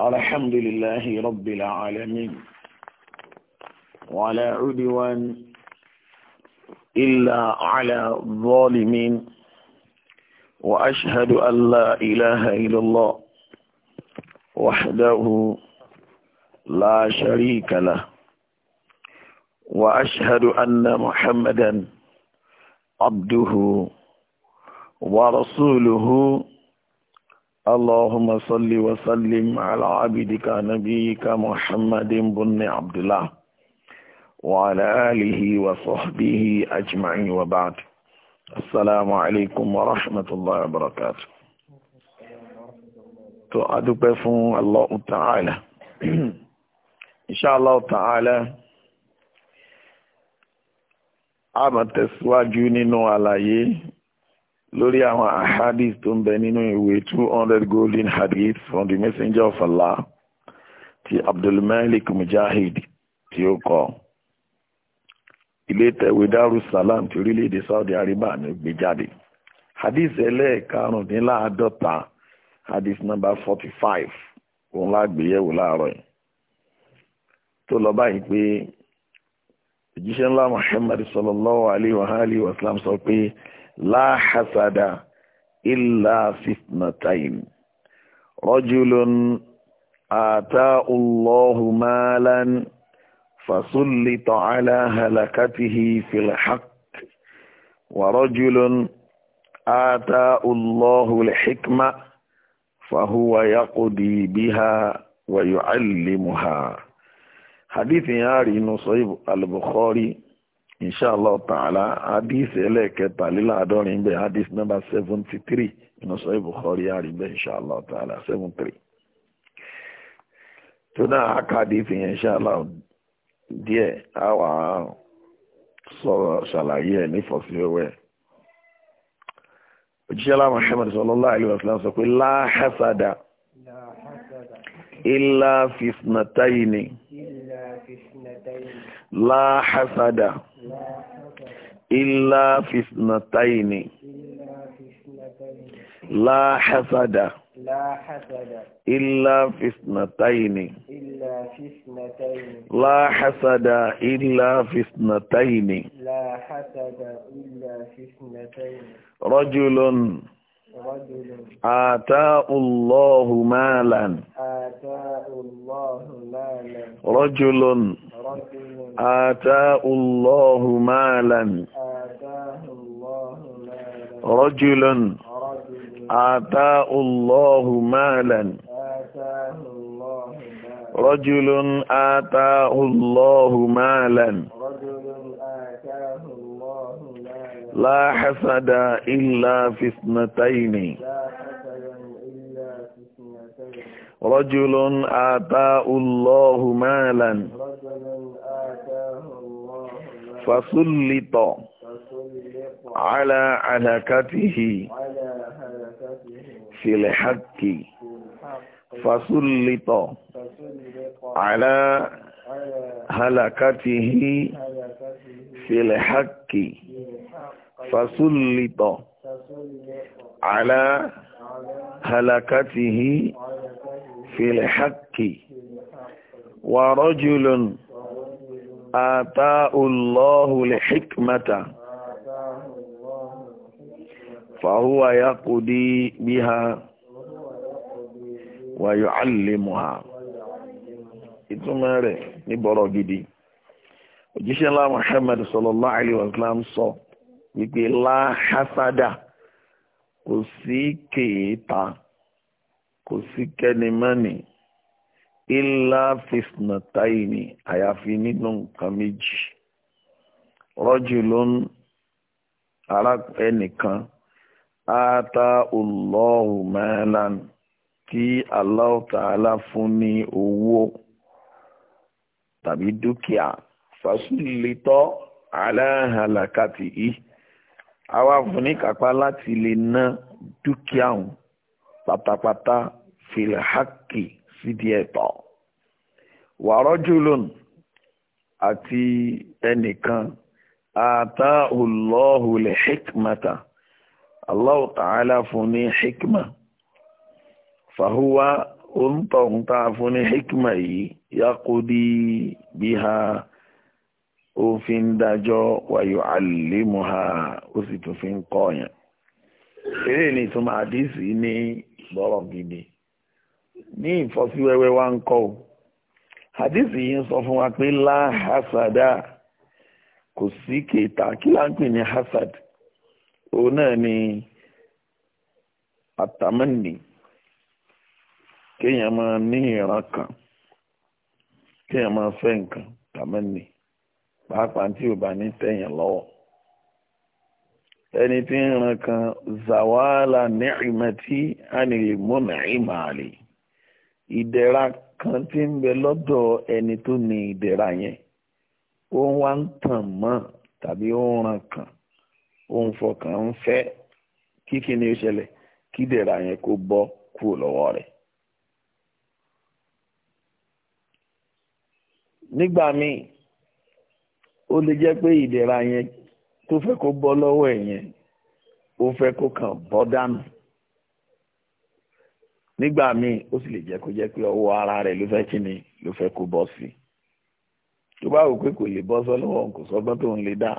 الحمد لله رب العالمين ولا عدوان إلا على الظالمين وأشهد أن لا إله إلا الله وحده لا شريك له وأشهد أن محمدا عبده ورسوله اللهم صل وسلم على عبدك نبيك محمد بن عبد الله وعلى آله وصحبه أجمعين وبعد السلام عليكم ورحمة الله وبركاته tó adúpẹ́ الله تعالى إن شاء الله تعالى a máa tẹ̀síwájú nínú lórí àwọn ahadith tó ń bẹ nínú ìwé 200 golden hadith from the messenger of Allah ti abdulmalik mujahid tí ó kọ ilé ìtẹ̀wé darussalam ti orílẹ̀-èdè saudi arabia ní gbé jáde hadith ẹlẹ́ẹ̀karùndínláàádọ́ta hadith number 45 òun lágbèyẹ̀wò láàárọ̀ yìí tó lọ báyìí pé òjíṣẹ́ ńlá muhammad sallallahu alayhi wa alihi sọ pé لا حسد إلا فتنتين رجل آتاه الله مالا فسلط على هلكته في الحق ورجل آتاه الله الحكمة فهو يقضي بها ويعلمها حديث ياري نصيب البخاري inṣàlá ta'ala hadith ẹlẹ́ẹ̀kẹtàléláàádọ́rin bẹ́ẹ̀ hadith number seventy three inú sọ́yìn bukhari àrí bẹ́ẹ̀ inṣàlá ta'ala seven three. tó náà a ka hadith yẹn inṣàlá díẹ̀ a wà á sọ̀rọ̀ ṣàlàyé ẹ̀ nífọ̀síwẹ́wẹ́. òjíṣẹ́ lá muhammad sallallahu alayhi wa sallam sọ pé la hasada illa ilá fisnataini la hasada ilá fisnataini la hasada ilá fisnataini rajulun آتاء الله مالا رجل آتاه الله مالا رجل آتاه الله مالا رجل آتاه الله مالا لا حسد إلا في اثنتين رجل آتاه الله مالا fasulitọ ala alakatihi filihaki fasulitọ ala halakatihi filihaki fasulitọ ala halakatihi filihaki wa rajulun. آتاه الله الحكمة فهو يقضي بها ويعلمها ìtumọ̀ rẹ̀ ní bọ̀rọ̀ gidi òjíṣẹ́ ńlá Muhammad sallallahu alaihi wasallam sọ wípé la hasada kò sí kèéta kò sí kẹnimọ́nì ilá fisnataini àyàfi nínú nǹkan méjì rọ́jù ló ń ara ẹnìkan ata Allahu malan tí Allah ta'ala fún ní owó tàbí dúkìá fàṣìlítọ́ aláhàlàkàtì yìí àwa fún ní kápá láti lè ná dúkìá òun pátápátá filhaki sídìí ẹ̀tọ́ wàrọ́júlùn àti ẹnìkan àtà òlọ́hùlẹ̀ hikmata Allah ta'ala fún ní hikma fàhúwá òǹtọ̀hún tá a fún ní hikma yìí yaqudi biha ó fi ń dájọ́ wàyò ó sì tún fi ń kọ́ ọ̀yàn. eré ni ìtumọ̀ àdìsí ní gbọ́rọ̀ gidi. ní ìfọ́síwẹ́wẹ́ wa ń kọ́ ò hadisi yìí ń sọ fún wa pé kò sí kèéta kí là ń pè ní hasad òun náà ni àtàmánì kéèyàn máa ní ìran kan kéèyàn máa fẹ́ nǹkan pàápàá tí ò bá ní lọ́wọ́ tí ń ran kan zawala ìdẹ̀ra kan tí ń bẹ lọ́dọ̀ ẹni tó ní ìdẹ̀ra yẹn ó ń wá ń tàn mọ́ tàbí ó ń ràn kàn ó ń fọkàn ń fẹ́ kí ni ó ṣẹlẹ̀ kí ìdẹ̀ra yẹn kó bọ́ kúrò lọ́wọ́ rẹ̀. nígbà míì ó lè jẹ́ pé ìdẹ̀ra yẹn tó fẹ́ kó bọ́ lọ́wọ́ ẹ̀ yẹn ó fẹ́ kó kàn bọ́ dànù nígbà míì ó sì lè jẹ́ kó jẹ́ pé ọwọ́ ara rẹ̀ ló fẹ́ kí ni ló fẹ́ kó bọ́ sí tó bá wò pé kò lè bọ́ sọ́lọ́wọ́ kò sọ́gbọ́n tó ń lè dá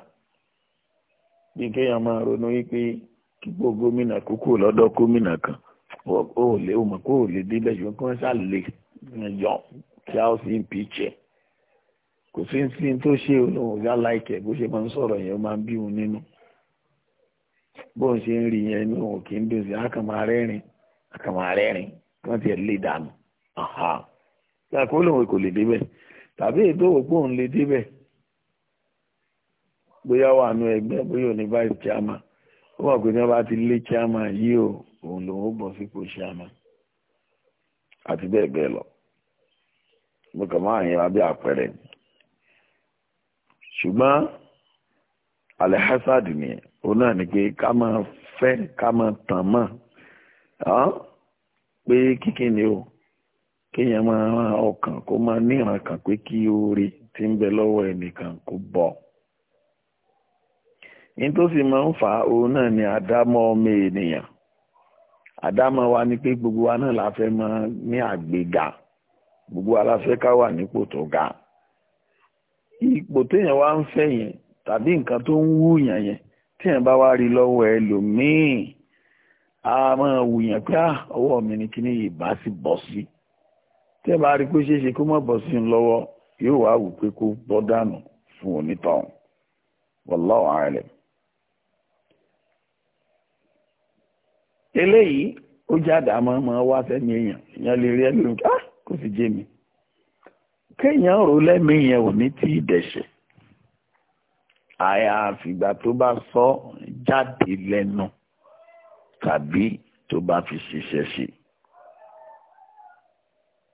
bí kéèyàn máa ronú wípé kíkó gómìnà kúkú lọ́dọ̀ gómìnà kan ó lè ó mọ̀ kó ò lè débẹ̀ ṣùgbọ́n kí wọ́n ṣá yọ kí a ó sì ń pìchẹ́ kò sí sí tó ṣe olóhùn ọ̀gá láìkẹ̀ bó ṣe máa ń sọ̀rọ̀ yẹn ó máa ń bí òun nínú bóun ṣe ń rí yẹn inú òun kì í dùn sí àkàmọ́ arẹ́rìn àkàmọ́ àrẹ́rìn kí wọ́n ti ẹ̀ lè dànù ṣàkó lòun kò lè débẹ̀ tàbí ètò òpó òun lè débẹ̀ bóyá wà nù ẹgbẹ́ bóyá òní vice chairman ó mọ̀ pé ní wọ́n bá ti lé chairman yìí o òun lòun ó bọ̀ sípò chairman àti bẹ́ẹ̀ bẹ́ẹ̀ lọ mo kàn máa yẹn wá bí àpẹẹrẹ ṣùgbọ́n alẹ́ hasad nìyẹn òun náà ni pé ká máa fẹ́ ká máa tàn mọ́ pé kíkín ni o kéèyàn máa ran ọkàn kó máa níran kan pé kí oore ti ń bẹ lọ́wọ́ ẹnìkan kó bọ̀ ní tó sì máa ń fa òun náà ni àdámọ́ ọmọ ènìyàn àdámọ́ wa ni pé gbogbo wa náà la fẹ́ máa ní àgbéga gbogbo wa la fẹ́ ká wà nípò tó ga ipò téèyàn wá ń fẹ́ yẹn tàbí nǹkan tó ń wúyàn yẹn téèyàn bá wá rí lọ́wọ́ ẹlòmíì a máa wùyàn pé ah, ọwọ́ mi ni kí ni ìbá sì bọ́ sí tẹ́ bá rí pé ṣeéṣe kó má bọ́ sí ń lọ́wọ́ yóò wá wù pé kó bọ́ dànù fún onítọ̀hún wallahu a'lam. eléyìí ó jáde àmọ́ máa wá sẹ́ni èèyàn èèyàn lè rí ẹlòmíì ká kó sì jẹ́ mi kéèyàn rò lẹ́mìí yẹn ò ní tí ì àyàfìgbà tó bá sọ jáde lẹ́nu tàbí tó bá fi ṣiṣẹ́ ṣe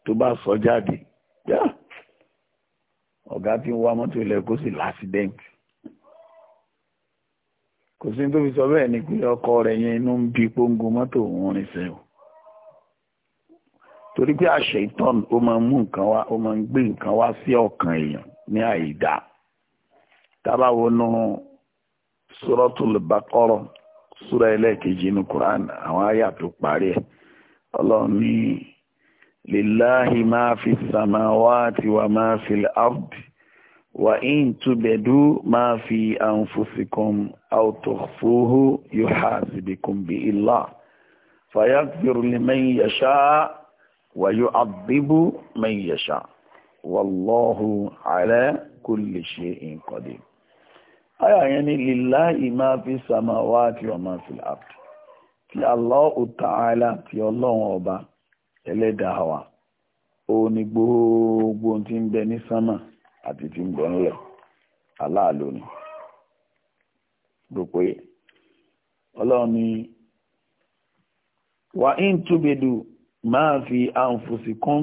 tó bá sọ jáde yá ọ̀gá tí ń wá mọ́tò ilẹ̀ kó sì lásìdẹ́ǹtì kò sí tó fi sọ bẹ́ẹ̀ ni pé ọkọ rẹ̀ yẹn inú ń bí póngo mọ́tò òun rìn sẹ́wọ̀n torí pé àṣẹ ìtọ́n ó máa mú nǹkan wá ó máa ń gbé nǹkan wá sí ọkàn èèyàn ní àìdá tábàwọnú Suratul Baqara súra ẹlẹ́ẹ̀kejì inú Quran àwọn àyà tó parí ẹ̀ ọlọ́run ní lillahi máa fi samawati wa máa fi al-ardi wa in tubedu máa fi anfusikum aw tukhfuhu yuhasibikum bi illah fayaghfiru liman yasha wa yu'adhibu man yasha wallahu ala kulli shay'in qadir. àyà yẹn ni lillahi ma fi sama wa ma fi ard ti Allahu ta'ala ti ọlọ́run ọba ẹlẹ́dàá wa ó ni gbogbo ti ń bẹ ní àti ti ń bẹ ńlẹ̀ aláàlú ni gbogbo yìí ọlọ́run ni wà ń máa fi àǹfòsìkún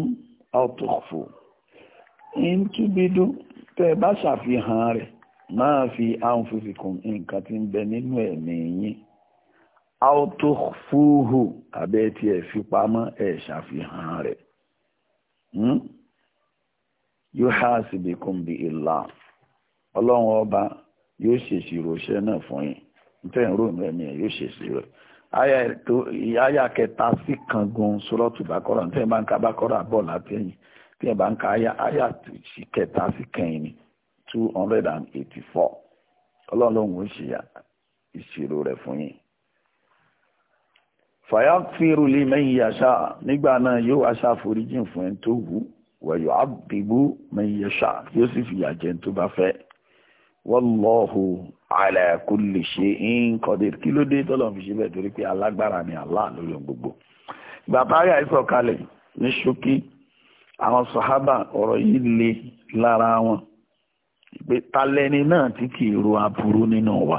ń máa fi nǹkan ń nínú ẹ̀mí yín autofuhu abẹ́ tí fi pamọ́ ẹ̀ ṣàfihàn rẹ̀ hmm? yuhasibikum bi illah ọlọ́run ọba yóò ṣèṣirò iṣẹ́ náà fún yín nítorí ìró ìmọ̀ ẹ̀mí ẹ̀ yóò ṣèṣirò aya kẹta sí kangun sọ́rọ́tù bákọ́rọ̀ nítorí bá ń ka bákọ́rọ̀ àbọ̀ látẹ̀yìn tí ẹ̀ bá ń ka aya kẹta sí kẹyìn ni. two hundred and eighty-four ọlọ́run ò ṣe ìṣirò rẹ̀ fún yín. fàyàfìrù lè mẹ́yìn yàṣà nígbà náà yóò wá ṣàforíjìn fún ẹni tó wù wẹ̀yọ̀ àbíbú mẹ́yìn yàṣà yóò sì fìyà jẹ tó bá fẹ́. wallahu ala kulli shay'in qadir kí ló dé tọ́lọ̀ fi ṣe bẹ́ẹ̀ torí pé alágbára ni Allah lórí ohun gbogbo. ìgbà táyà ìsọ̀kalẹ̀ ní ṣókí àwọn sàhábà ọ̀rọ̀ yìí le lára wọn pé talẹ́ni náà tí kì í ro aburú nínú wa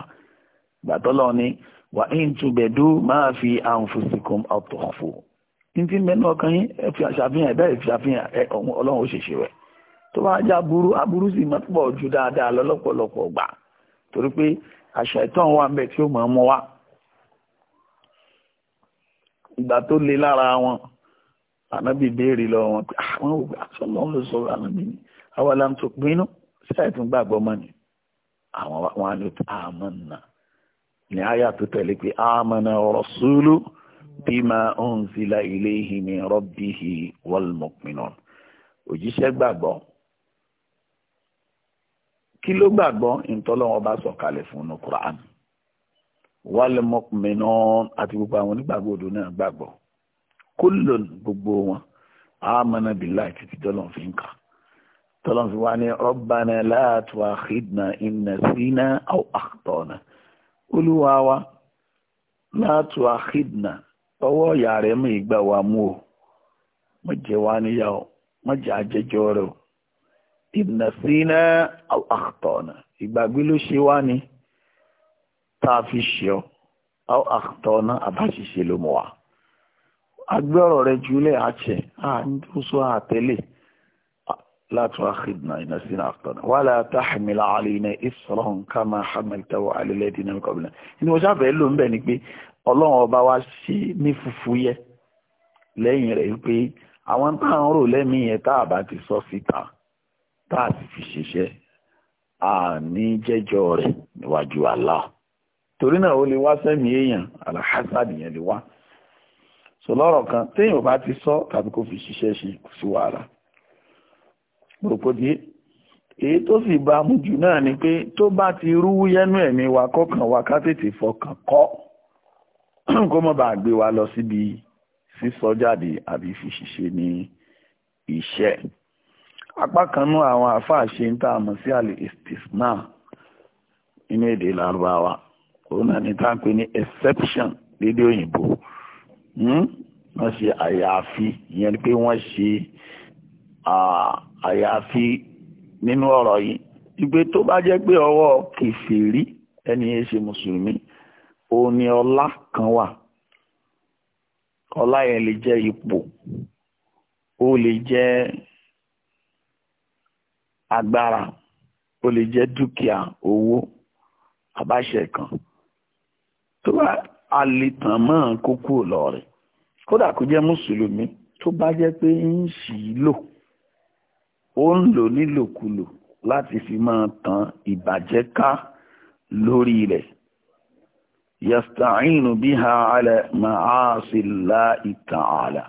gbàtọ́lọ́ ni wà ń túbẹ̀dú máa fi àǹfòsìkùn ọ̀tọ̀fò ní tí mẹ́nu ọkàn yín ẹ fi àṣàfihàn ẹ bẹ́ẹ̀ fi àfihàn ẹ ọlọ́run ó ṣèṣe rẹ̀ tó bá já burú aburú sì máa pọ̀ ju dáadáa lọ lọ́pọ̀lọpọ̀ gbà torí pé àṣà ìtàn wà ń bẹ tí ó mọ̀ ọ́n mọ́ ìgbà tó le lára wọn ànábì béèrè lọ wọn pé àwọn ah, òwe àtọ́lọ́run ah, ló sọ ànábì ṣẹ́ẹ̀ tún gbàgbọ́ mọ́ ni àwọn wọn á ní àmọ́ nà ní àyà tó tẹ̀lé pé àmọ́ nà rasulu bima unzila ilayhi min rabbihi wal mu'minun òjíṣẹ́ gbàgbọ́ kí ló gbàgbọ́ ìtọ́lọ́wọ́ bá sọ̀kalẹ̀ fún un Qur'an àti gbogbo àwọn onígbàgbọ́ náà gbàgbọ́ kullun gbogbo wọn àmọ́nà billahi títí tọ́lọ́ fi ń kàn tọ́lọ́n fi wá ní rabbana la tu'akhidna in nasina aw akhtana olúwa wa la tu'akhidna ọwọ́ ìyá rẹ̀ mú ìgbà wa mú o má jẹ wá níyà o má jẹ àjẹjọ rẹ o in nasina aw akhtana ìgbàgbé ló ṣe wá ni tá a fi ṣe ọ aw akhtana àbáṣiṣe ló mọ̀ wá agbé rẹ̀ jùlẹ̀ àṣẹ à ń tó sọ àtẹ́lẹ̀ لا تؤاخذنا إن نسينا أخطأنا ولا تحمل علينا إصرا كما حملته على الذين من قبلنا ni mo sábẹ́ ló ń bẹ̀ ni pé ọlọ́run ọba wa sí ní fufu yẹ lẹ́yìn rẹ̀ pé àwọn tá à ń rò lẹ́mìí yẹn tá a bá ti sọ síta tá a sì fi ṣiṣẹ́ a ní jẹ́jọ́ rẹ̀ níwájú Allah torí náà ó lè wá sẹ́mi èèyàn alahasad yẹn lè wá sọ kan téèyàn bá ti sọ tàbí kó fi ṣiṣẹ́ ṣe kò sí wàhálà gbòpòdì èyí tó sì bá mú jù náà ni pé tó bá ti rú yẹnu ẹ̀mí wa kọ́kàn wa ká tètè fọkàn kọ́ kó má bàa gbé wa lọ síbi sísọ jáde àbí fi ṣiṣẹ́ ní iṣẹ́ apá kan nú àwọn àáfàá ṣe ń tà mọ̀ sí àlè istisna nínú èdè lárúbáwá òun náà ní táǹpé ní exception lédè òyìnbó hmm? wọ́n ṣe àyàfi ìyẹn ni pé wọ́n ṣe àyàfi nínú ọ̀rọ̀ yìí ìgbé tó bá jẹ́ pé ọwọ́ kèfèrí ẹni yẹn ṣe mùsùlùmí ó ní ọlá kan wà ọlá yẹn lè jẹ́ ipò ó lè jẹ́ agbára ó lè jẹ́ dúkìá owó àbáṣe kan tó bá alitàn mọ́ kókó lọ rẹ̀ kódà kó jẹ́ mùsùlùmí tó bá jẹ́ pé ń ṣì í lò ó ń lò nílòkulò láti fi máa tan ìbàjẹ́ ká lórí rẹ̀ bi ha ala ma'asillahi ta'ala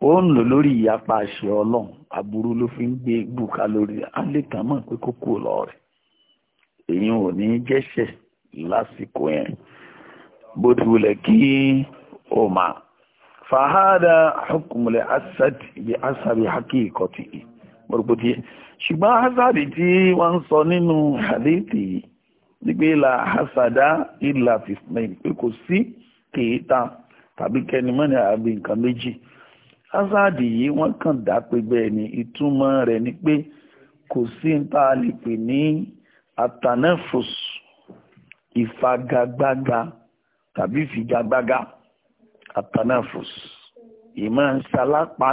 ó ń lò lórí ìyapa àṣẹ ọlọ́run aburú ló fi ń gbé bùkà lórí alẹ́kàn mọ̀ pé kó kúrò lọ rẹ̀ èyí ò ní jẹ́ṣẹ̀ lásìkò yẹn bó kí o mà fàhádà hukmul asad bí yìí mọ̀rùpọ̀tì ṣùgbọ́n hasadi tí wọ́n ń sọ nínú hadithi nígbè la hasada ìlà fìsìmẹ́yìn pé kò sí kèéta tàbí kẹnimọ́ni àbí nǹkan méjì hasadi yìí wọ́n kàn dá pé bẹ́ẹ̀ ni ìtumọ̀ rẹ̀ ni pé kò sí ń tá a lè pè ní atanefus ìfagagbága tàbí ìfigagbága atanefus ìmọ̀ ń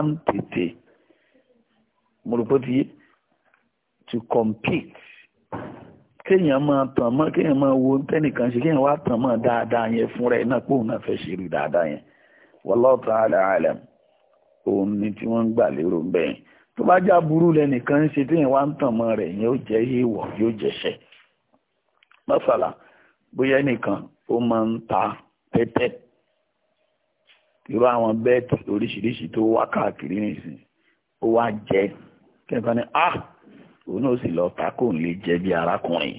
ń tètè mo rò to compete kéèyàn máa tàn mọ́ kéèyàn máa wo tẹ́nìkan ṣe kéèyàn wá tàn mọ́ dáadáa yẹn fúnra ẹ̀ náà pé òun náà fẹ́ ṣe irú dáadáa yẹn wallahu ta'ala alam òun ni tí wọ́n ń gbà lérò ń bẹ́ẹ̀ tó bá já burú lẹ́nìkan ṣe téèyàn wá ń tàn mọ́ rẹ̀ yẹn ó jẹ́ èèwọ̀ yóò jẹ́ṣẹ̀ mọ́sàlá bóyá ẹnìkan ó máa ń ta tẹ́tẹ́ irú àwọn bẹ́ẹ̀tì oríṣiríṣi tó wá káàkiri nìsín ó wá jẹ́ kẹfà ni ah òun náà sì lọ ta kò lè jẹ bí arákùnrin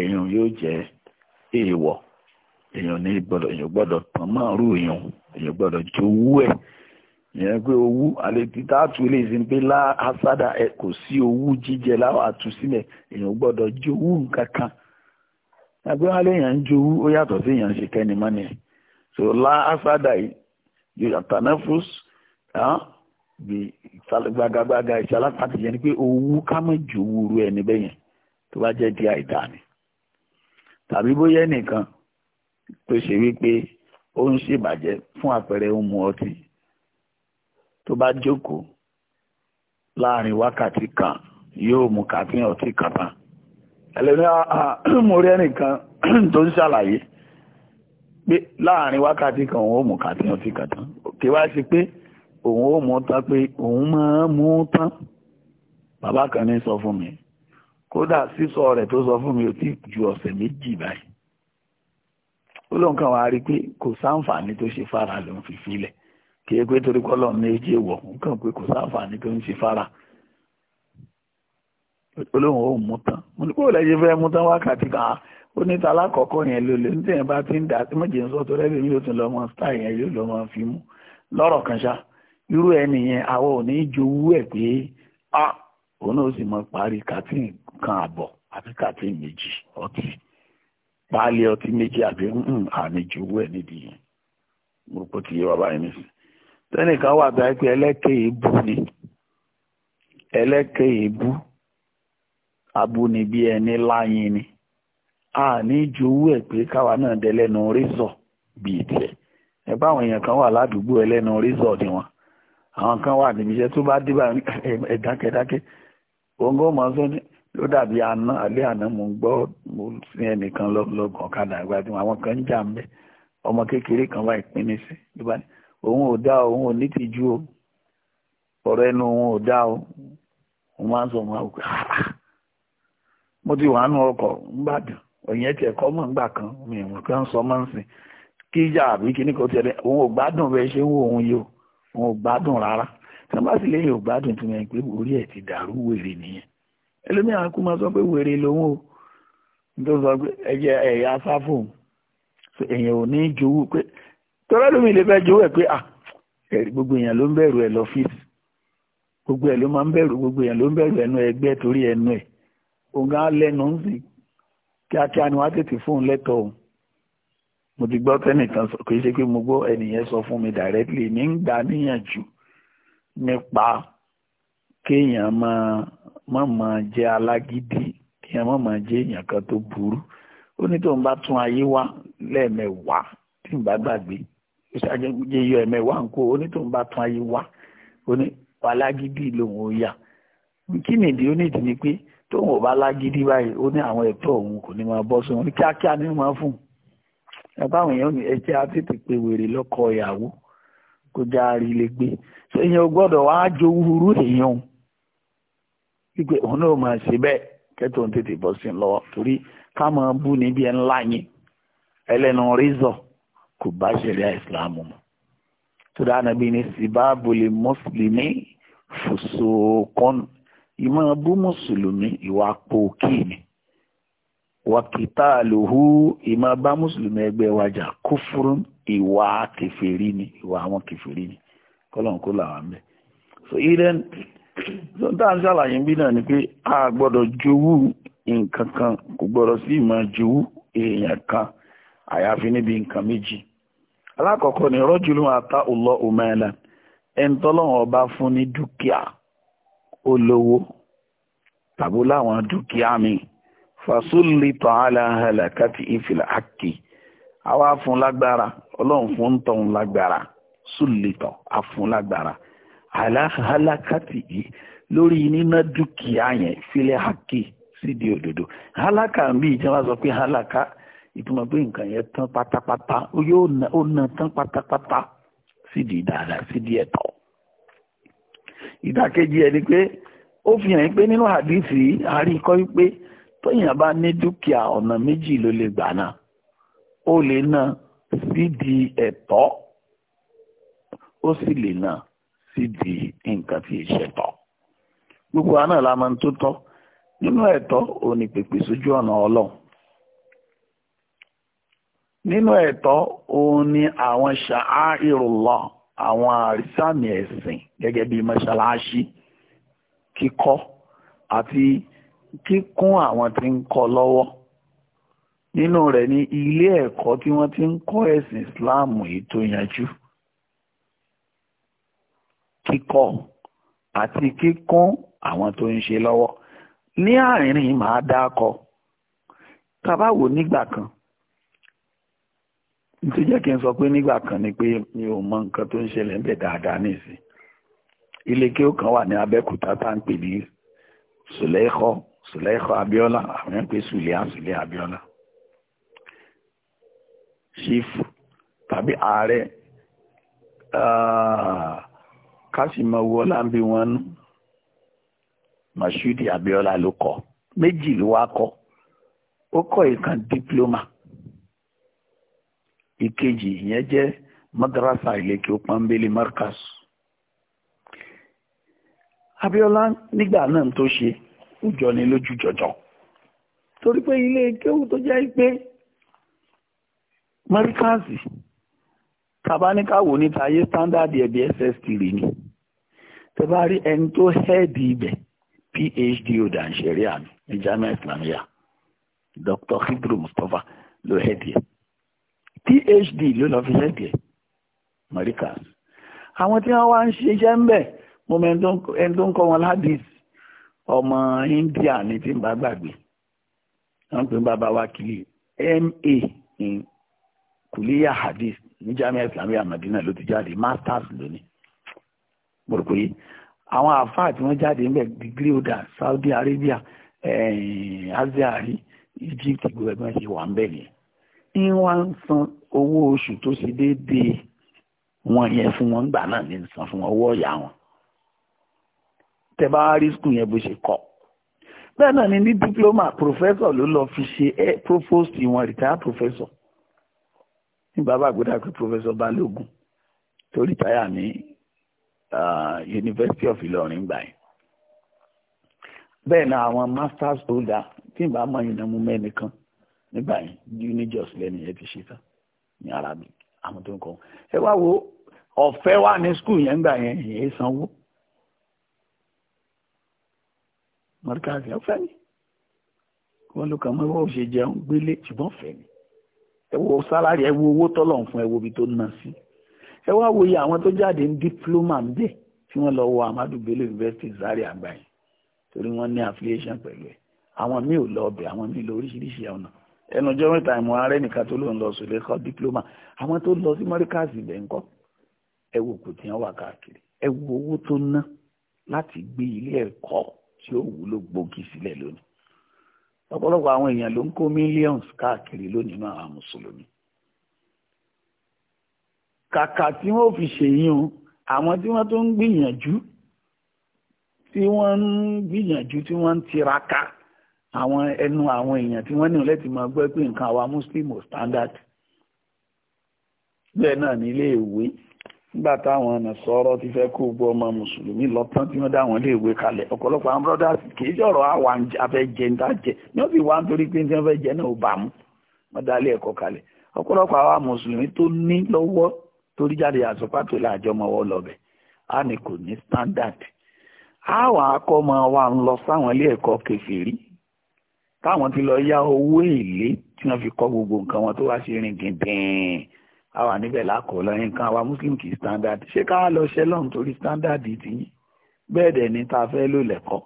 èèyàn yóò jẹ èèwọ̀ èèyàn ní gbọ́dọ̀ èèyàn gbọ́dọ̀ tàn máa rú èèyàn èèyàn gbọ́dọ̀ jowú ẹ ìyẹn pé owú àlejò tá a tù lè sin pé lá asádà ẹ kò sí owú jíjẹ láwọn àtúnṣílẹ̀ èèyàn gbọ́dọ̀ jowú nǹkan kan ẹgbẹ́ wọn ń jowú ó yàtọ̀ sí èèyàn ṣe kẹ́ni mọ́ni ẹ̀ so lá asádà yìí yóò yàtọ̀ náfús bí gbàgàgbàgà ìṣàlápàtì yẹn ni pé owó ká mọ̀ ju wúru ẹni bẹ́yẹn tó bá jẹ́ di àìdá ni tàbí bóyá ẹnìkan tó ṣe wípé ó ń ṣèbàjẹ́ fún àpẹẹrẹ ó mu ọtí tó bá jókòó láàrin wákàtí kan yóò mú kàfin ọtí kan tán ẹlẹ́ni ah, ah, mo rí ẹnìkan tó ń ṣàlàyé pé láàrin wákàtí kan òun ó mú kàfin ọtí kan tán kí wá sí pé òun ó mú tán pé òun máa mú tán bàbá kan ní sọ fún mi kódà sísọ rẹ̀ tó sọ fún mi ò tí ju ọ̀sẹ̀ méjì báyìí ó lóun kàn wá rí i pé kò sáǹfààní tó ṣe fara lòun fi filẹ̀ kì í pé torí kọ́lọ̀ ní ojú èèwọ̀ òun kàn pé kò sáǹfààní tó ń ṣe fara olóhùn ó mú tán mo ní kó lẹ́yìn fẹ́ mú tán wákàtí kan ó ní ta lákọ̀ọ́kọ́ yẹn ló lè ní bá ti ń dà tí méjì ń sọ tó rẹ́bí mi ó tún lọ́mọ style yẹn yóò lọ́mọ fi mú lọ́rọ̀ kan ṣá irú ẹni yẹn àwọn ò ní í jowú pé a òun náà sì mọ parí kan àbọ̀ àti kàtín méjì ọtí páálí ọtí méjì àbí àmì jowú ẹ̀ nídìí yẹn mo ti yé wa báyìí nísìnyí tẹnìkan wà tó yẹ pé èébú ni ẹlẹ́kẹ̀ èébú ni a ní jowú ẹ̀ pé káwa náà dẹ lẹ́nu rízọ̀ bíi tiẹ̀ ẹ bá àwọn èèyàn kan wà ládùúgbò ni àwọn kan wà níbi iṣẹ́ tó bá dé bá ẹ̀dákẹ́dákẹ́ gbọ́ngàn mọ́ sọ ní ló dàbí àná alẹ́ àná mò ń gbọ́ mo sí ẹnìkan lọ́gàn ọ̀kadà ìgbà tí àwọn kan ń jà ń bẹ́ ọmọ kékeré kan wà ìpínní sí ló bá ní òun ò dá òun ò ní tìjú o ọ̀rọ̀ ẹnu òun ò dá o òun máa ń sọ wọn àwùjọ ah, ah. mo ti wà nù ọkọ̀ ńbàdàn òyìn tiẹ̀ kọ́ mọ̀ ńgbà kan mi ìwọ̀n kan sọ mọ́ ń sìn kíjà àbí kíníkò tiẹ̀ òun ò gbádùn bẹ́ẹ̀ ṣe ń wo òun yìí o wọn ò gbádùn rárá tí wọ́n bá sì lẹ́yìn ò gbádùn tí wọ́n pé orí ẹ̀ ti dàrú wèrè nìyẹn ẹlòmíràn kú máa sọ pé wèrè lòun o tó sọ pé ẹ̀yẹ ẹ̀yà sáfòun èèyàn ò ní jowó pé tọ́lá lómi lè fẹ́ jowó ẹ̀ pé à ah, gbogbo èèyàn ló ń bẹ̀rù ẹ̀ lọ́fíìsì gbogbo ẹ̀ ló máa ń bẹ̀rù gbogbo èèyàn ló ń bẹ̀rù ẹnu ẹgbẹ́ torí ẹnu ẹ̀ òun gan lẹ́nu ń sìn kíákíá ni wọ́n á tètè fóun lẹ́tọ̀ọ́ mo ti gbọ́ tẹ́nìkan kò ṣe pé mo gbọ́ ẹnìyẹn sọ fún mi directly mi ń gbà níyànjú nípa kéèyàn máa máa jẹ́ alágídí kéèyàn máa máa jẹ́ èèyàn kan tó burú ó ní tóun bá tún ayé wá lẹ́ẹ̀mẹ́wàá tí n bá gbàgbé ó ṣàjẹ́ yọ ẹ̀mẹ́wàá nǹkó ó ní tóun bá tún ayé wá ó ní alágídí lòun ó yà kí nìdí ó nìdí ni pé tóun ò bá lágídí báyìí ó ní àwọn ẹ̀tọ́ òun kò ní máa bọ́ sóun ní kíákíá ni wọ́n máa fún un ẹ̀pá àwọn èèyàn ní ẹjẹ́ àtètè pé wèrè lọ́kọ ìyàwó kó já rí lè gbé ṣé èèyàn ò gbọ́dọ̀ wá jó wúrú èèyàn wípé òun náà máa ṣe bẹ́ẹ̀ kẹ́tọ̀ ń tètè bọ́ sí lọ́wọ́ torí ká máa bú níbi ẹ̀ ńlá yín ẹlẹ́nu rízọ̀ kò bá ṣẹlẹ̀ ìsìlámù mu tó dáa nàbí ní síbáàbò mùsùlùmí fòṣòkan ìmọ̀ bú mùsùlùmí ìwà pòkì ni wàkìtà lòhù ìmọ̀ bá mùsùlùmí ẹgbẹ́ ìwà kẹfẹ́rí ni ìwà àwọn kẹfẹ́rí ni kọ́lọ́n kó làwọn so iren tó ń tà ṣàlàyé bí náà ni a gbọdọ jowú nǹkan kan kò ma sí ìmọ̀ jowú èèyàn kan àyàfi níbi nǹkan méjì. alákọ̀ọ́kọ́ ni rọ́jùlù ata ọlọ́ ọba fún ní dúkìá olówó tàbí láwọn dúkìá míì fasulita ala halakati ifil haki àwa fún lágbára ọlọ́run fún tọ̀hún lágbára sulita àfún lágbára ala halakati yìí lórí níná dúkìá yẹn fílẹ̀ haki sídìí òdodo halaka ń bí ìjọba sọ pé halaka ìtumọ̀ pé nǹkan yẹn tán pátápátá ó yóò na ó na tán pátápátá sídìí dáadáa sídìí ẹ̀tọ́. ìdàkejì ẹni pé ó fi hàn pé nínú àdìsí àríkọ́ pé tóyìn bá ní dúkìá ọ̀nà méjì ló lè gbà náà ó lè na sídìí ẹ̀tọ́ ó sì lè ná sídìí nǹkan tí ìṣẹ̀tọ́ gbogbo àná la máa ń tó tọ́ nínú ẹ̀tọ́ ò ní pèpè sójú ọ̀nà ọlọ́run nínú ẹ̀tọ́ òun ni àwọn ṣa'airullah àwọn àrísàmì ẹ̀sìn gẹ́gẹ́ bí mọ́ṣáláṣí kíkọ́ àti kíkún àwọn tí ń kọ́ lọ́wọ́ nínú rẹ̀ ní ilé ẹ̀kọ́ tí wọ́n ti ń kọ́ ẹ̀sìn Islam yìí tó yanjú kíkọ́ àti kíkún àwọn tó ń ṣe lọ́wọ́ ní àárín màá dákọ tàbáwò nígbà kan tí jẹ́ kí n sọ pé nígbà kan ni pé mi ò mọ nǹkan tó ń ṣẹlẹ̀ ń bẹ̀ dáadáa nísìn ilé kí ó kan wà ní Abẹ́òkúta tá à ń pè ní Sùlẹ́kọ́ sùlẹ́kọ̀ abíọ́lá àwọn ń pè sùlẹ́ àsùlẹ́ abíọ́lá chief tàbí ààrẹ ah, kásìmọ̀wò ọlámbí wọn nú mọ̀ṣúdì abíọ́lá ló kọ méjì ló wá kọ ó kọ ìkan dípílọ́mà ìkejì ìyẹn jẹ́ madrasa ìlẹ́kẹ̀ òpọ́nbélé marcus abíọ́lá nígbà náà tó ṣe ó jọni lójú jọjọ torí pé ilé kéwù tó jẹ́ pé mẹ́ríkàsì tabaníkàwò níta ayé standard ẹ̀bí ss tìrì ni tẹ́ bá rí ẹni tó hẹ́ẹ̀dì ibẹ̀ phd ọ̀dà ń ṣẹ̀rí àmì ní jamiu islamiyah dr hibru mustapha ló hẹ́ẹ̀dì ẹ̀ phd ló lọ fi hẹ́ẹ̀dì ẹ̀ mẹ́ríkàsì àwọn tí wọ́n wá ń ṣiṣẹ́ ń bẹ̀ mo mọ tó ń kọ́ wọn ládìsí ọmọ India ni tí n bá gbàgbé wọ́n pè bàbá wa kiri ma in kuliya hadith ní jamiu islamiyya madina ló ti jáde masters lónìí gbòròkó yìí àwọn àfáà tí wọ́n jáde níbẹ̀ degree ụda Saudi Arabia eh, azari Egypt gbogbo ẹgbẹ́ ṣe wà ń bẹ̀ ní san owó oṣù wọn yẹn fún wọn gbà náà ní san fún wọn owó wọn tẹ́bá rí skul yẹn bó ṣe kọ́ bẹ́ẹ̀ náà ni ní diploma professor ló lọ fi ṣe ẹ eh, proposed ìwọ̀n retired professor ní bàbá àgbẹ̀dà pé professor balógun tó rìtáyà ní ah, University of Ìlọrin gbà yẹn bẹ́ẹ̀ náà àwọn masters holder tí n bá mọ ìnáwó mẹ́nìkan nígbà yẹn unijos lẹ́nu yẹn ti ṣe tán ní Arabic àwọn tó ń kọ́ ẹ wá wo ọ̀fẹ́ wà ní skul yẹn gbà yẹn èyí sanwó mọ́ríkàsì ọ̀fẹ́ ni wọ́n ló kàn mọ́ wọ́n ṣe jẹun gbélé ṣùgbọ́n fẹ́ ni ẹ wo sálárì ẹ wo owó tọ́lọ̀ fún ẹ wo ibi tó ná sí ẹ wá wo iye àwọn tó jáde ní dípúlọ́mà ń bẹ̀ tí wọ́n lọ wọ Amadu Bello University zari àgbà yìí torí wọ́n ní affiliation pẹ̀lú ẹ̀ àwọn míì ò lọ ọbẹ̀ àwọn míì lọ oríṣiríṣi ọ̀nà ẹnu ọjọ́ mẹ́ta ìmọ̀ ààrẹ nìkan tó lòun lọ sùn lẹ́kọ́ dípúlọ́mà àwọn tó lọ sí mọ́ríkàsì ibẹ̀ ńkọ́ ẹ wo kò tí wọ́n wà káàkiri ẹ wo owó tó ná láti gbé ilé ẹ̀kọ́ tí ó wúlò gbòógì sílẹ̀ lónìí ọ̀pọ̀lọpọ̀ àwọn èèyàn ló ń kó millions káàkiri lónìí náà àwọn mùsùlùmí kàkà tí wọ́n fi ṣèyí o àwọn tí wọ́n tó ń gbìyànjú tí wọ́n ń gbìyànjú tí wọ́n ń tiraka àwọn ẹnu àwọn èèyàn tí wọ́n ní lẹ́tì máa gbọ́ pé nǹkan àwa muslim standard bẹ́ẹ̀ náà ní ilé ìwé nígbà táwọn ọ̀nà sọ̀rọ̀ ti fẹ́ kó gbọ́ ọmọ mùsùlùmí lọ́tán tí wọ́n dá wọn léèwé kalẹ̀ ọ̀pọ̀lọpọ̀ àwọn brothers kì í sọ̀rọ̀ àwọn afẹ́jẹ níta jẹ ní ó sì wá nítorí pé náà ò bá mú wọ́n dá ilé ẹ̀kọ́ kalẹ̀ ọ̀pọ̀lọpọ̀ àwọn mùsùlùmí tó ní lọ́wọ́ torí jáde àsopàtò ilé àwa níbẹ̀ lákọ̀ọ́lá nǹkan àwa muslim kì í standard ṣé ká lọ ṣẹlọ́n torí standard ti yín bẹ́ẹ̀ dẹ̀ ni tá a fẹ́ lò lẹ́kọ̀ọ́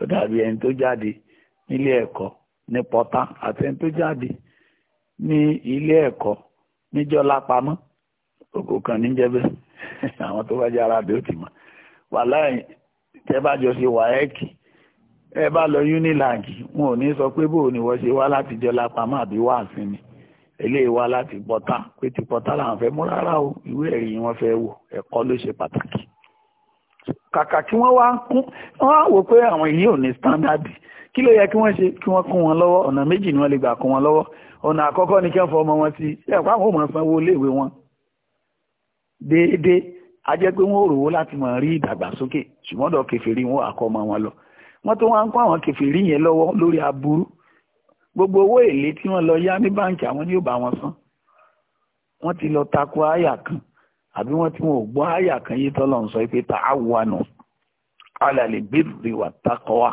ó dàbí ẹni tó jáde nílé ẹ̀kọ́ ní pọ́tá àti ẹni tó jáde ní ilé ẹ̀kọ́ níjọ́ lápamọ́ òkò kan níjẹ́bẹ́ àwọn tó bá jẹ́ arábẹ́ ó ti mọ̀ wà láì tẹ́ bá jọ ṣe wàhẹ́ẹ̀kì ẹ bá lọ unilag wọn ò ní sọ pé bóò ni wọ́n ṣe wá látijọ́ lápamọ́ àbí wá àsìn ni eléyìí wá láti bọ́tà pé ti bọ́tà làwọn fẹ́ mú rárá o ìwé ẹ̀rí wọn fẹ́ wò ẹ̀kọ́ ló ṣe pàtàkì kàkà kí wọ́n wá kún wọ́n á wò pé àwọn yìí ò ní sítándàdì kí ló yẹ kí wọ́n ṣe kí wọ́n kún wọn lọ́wọ́ ọ̀nà méjì ni wọ́n lè gbà kún wọn lọ́wọ́ ọ̀nà àkọ́kọ́ ni kí wọ́n fọ ọmọ wọn sí ẹ̀kọ́ àwọn ọmọ sanwó iléèwé wọn déédéé a jẹ́ pé wọ́n rò ó láti mọ̀ rí ìdàgbàsókè ṣùgbọ́n dọ̀ kẹfìrí wọn àkọ́ ọmọ wọn lọ wọ́n tó wá ń kó àwọn kẹfìrí yẹn lọ́wọ́ lórí aburú gbogbo owó èlé tí wọ́n lọ yá ní báǹkì àwọn ni yóò bá wọn san wọ́n ti lọ tako àyà kan àbí wọ́n ti wọn ò gbọ́ àyà kan yìí tọ́lọ̀ ń sọ pé ta'awanu ala al-birri wat-taqwa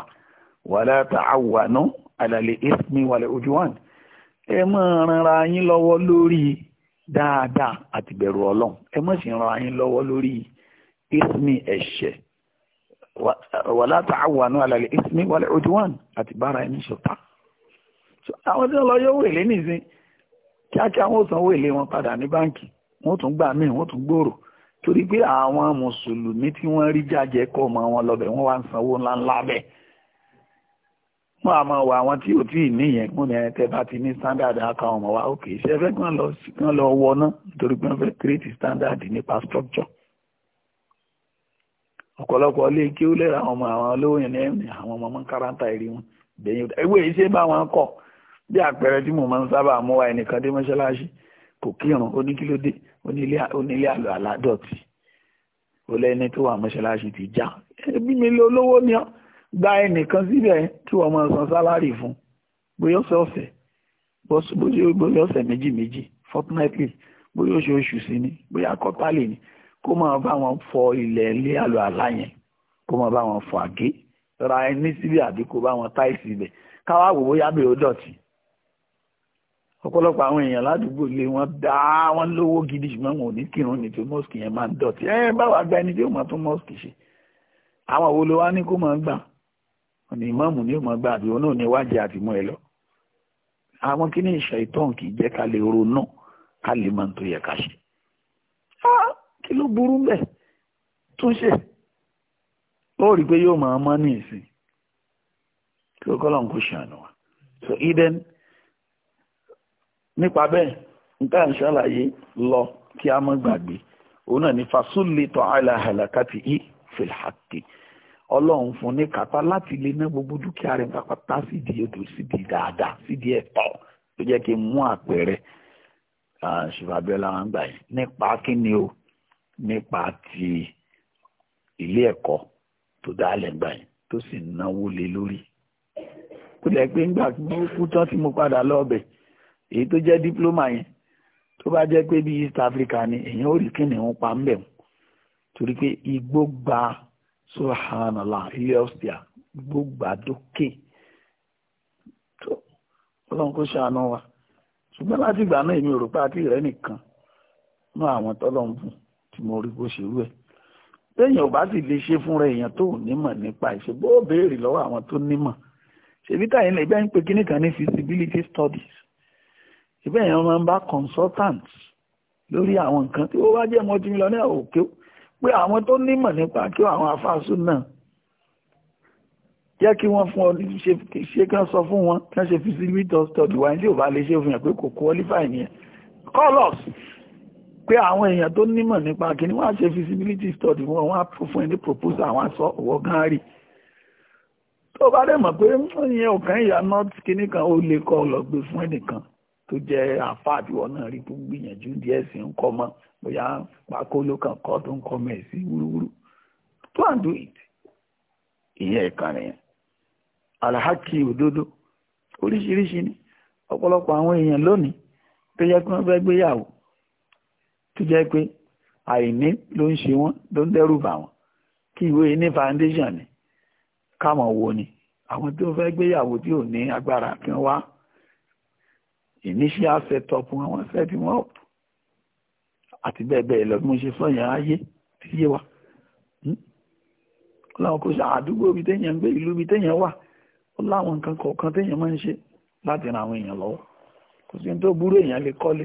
wala ta'awanu ala al-ithmi wal-'udwan ẹ máa ranra yín lọ́wọ́ lórí dáadáa àti bẹ̀rù ọlọ́run ẹ má sì ranra yín lọ́wọ́ lórí ithmi ẹ̀ṣẹ̀ wala ta'awanu ala al-ithmi wal-'udwan àti bára ẹni ṣọ̀tá àwọn tí wọ́n lọ yóò wèlé nìsín kíákíá wọ́n sanwó èlé wọn padà ní báǹkì wọ́n tún gbà míì wọ́n tún gbòòrò torí pé àwọn mùsùlùmí tí wọ́n rí jájẹ kọ́ ọmọ wọn lọ́bẹ̀ wọ́n wá ń sanwó ńláńlá bẹ́ẹ̀ wọ́n á máa wọ àwọn tí ò tí ì níyẹn kún ní ẹ̀tẹ́ bá ti ní standard aka ọmọ wa òkè iṣẹ́ fẹ́ kán lọ kán lọ wọ náà nítorí pé wọ́n fẹ́ create standard nípa structure ọ̀pọ̀lọpọ̀ ilé kí ó lẹ́ra ọmọ àwọn olówó yẹn ní àwọn ọmọ mọ́ káràntà ìrí wọn bẹ́yìn ewé iṣẹ́ bá wọn kọ̀ bí àpẹẹrẹ tí mo máa ń sábà mú wa ẹnìkan dé mọ́ṣáláṣí kò kírun oníkílódé onílé àlọ́ aládọ̀tí ó lẹ́ni tó wà mọ́ṣáláṣí ti já ẹbí mi lé olówó ni ọ́ gba ẹnìkan síbẹ̀ tí wọ́n máa san sálárì fún bóyá ọ̀sẹ̀ ọ̀sẹ̀ bóyá ọ̀sẹ̀ méjì méjì fortnightly bóyá oṣooṣù sí ni bóyá kọ́tálì ni kó máa bá wọn fọ ilẹ̀ ilé àlọ́ àlá yẹn kó máa bá wọn fọ àgé ra ẹni síbẹ̀ àbí kó bá wọn táìsì ibẹ̀ káwá bóyá bẹ́ẹ̀ ó dọ̀tí ọ̀pọ̀lọpọ̀ àwọn èèyàn ládùúgbò lé wọn dá wọn lówó gidi ṣùgbọ́n wọn ò ní kírun ní tí mọ́sìkì yẹn máa ń dọ̀tí ẹ báwa gba ẹni tí ó máa tún mọ́sìkì ṣe àwọn wo ló wá ní kó máa gbà ọ̀nà ìmáàmù ni ó máa gbà àbí òun náà ní wájú àti mú ẹ lọ àwọn kí ní ìṣọ ìtàn kì í jẹ́ ká lè ronú ká lè máa tó yẹ ká ṣe kí ló burú bẹ́ẹ̀ túnṣe ó rí i pé yóò máa mọ́ ní ìsìn kí ó kọ́ so eden nípa bẹ́ẹ̀ nǹkan lọ kí a mọ́ gbàgbé òun náà ní fasulitọ̀ alahalakati i filhaki ọlọ́run fún ní kápá láti lè ná gbogbo dúkìá rẹ̀ pápátá sídìí odò sídìí dáadáa sídìí ẹ̀tọ́ tó jẹ́ kí n mú àpẹẹrẹ ṣùgbọ́n àwọn gbà yìí nípa ni o nípa ti ilé ẹ̀kọ́ tó dálẹ̀ gbà yìí tó sì náwó lé lórí kó pé ńgbà tó kú tán tí mo padà lọ́ọ̀bẹ̀ èyí tó jẹ́ dípúlọ́mà yẹn tó bá jẹ́ pé bí East Africa ni èyàn ò rí kíni ń pa ń bẹ̀ wọ́n torí pé igbó gba subhanallah ilé austria igbó gba dókè tó ọlọ́run kó ṣàánú wa ṣùgbọ́n láti ìgbà náà èmi ò rò pé àti rẹ̀ nìkan náà àwọn tọ́lọ́run bù tí mo rí bó ṣerú ẹ̀ téèyàn ò sì lè ṣe fúnra èèyàn tó ò nímọ̀ nípa ìṣègbè ó béèrè lọ́wọ́ àwọn tó nímọ̀ ṣèbí táyìn lè bẹ́ẹ̀ ń pe kíníkan ní feasibility studies síbẹ̀ èèyàn máa ń bá consultant lórí àwọn nǹkan tí ó wá jẹ́ multimillionaire òkè pé àwọn tó nímọ̀ nípa kí àwọn afáàsù náà jẹ́ kí wọ́n fún ọ ṣe kí wọ́n sọ fún wọn kí wọ́n ṣe feasibility study wáyé tí ò bá lè ṣe òfin pé kò qualify nìyẹn call us pé àwọn èèyàn tó nímọ̀ nípa kí ni wọ́n á ṣe feasibility study wọn wọ́n á fún ẹni proposal àwọn aṣọ ọ̀wọ́ gan rí tó bá dẹ̀ mọ̀ pé ìyẹn ò kàn ìyá north kìnnìkan ó lè kọ́ ọ lọ gbé fún ẹnìkan tó jẹ́ àáfàá àbíwọ̀ náà rí tó gbìyànjú díẹ̀ sí ń kọ́ mọ́ bóyá pákó ló kàn kọ́ tó ń kọ́ mọ́ sí wúrúwúrú go alahaki òdodo oríṣiríṣi ni ọpọlọpọ àwọn èèyàn lónìí tó yẹ kí wọ́n fẹ́ gbéyàwó tó jẹ́ pé àìní ló ń ṣe wọ́n ló ń dẹ́rù bà kí foundation ni káwọn wo ni àwọn tó gbéyàwó tí ò ní agbára kí initial set up wọn wọ́n set him up àti bẹ́ẹ̀ bẹ́ẹ̀ lọ bí mo ṣe sọ yẹn ayé tí yé wa hmm? ọlọ́run kò ṣe àdúgbò ibi téèyàn ń gbé ìlú ibi téèyàn wà ó láwọn nǹkan kọ̀ọ̀kan téèyàn máa ń ṣe láti ran àwọn èèyàn lọ́wọ́ kò sí tó burú èèyàn lè kọ́lé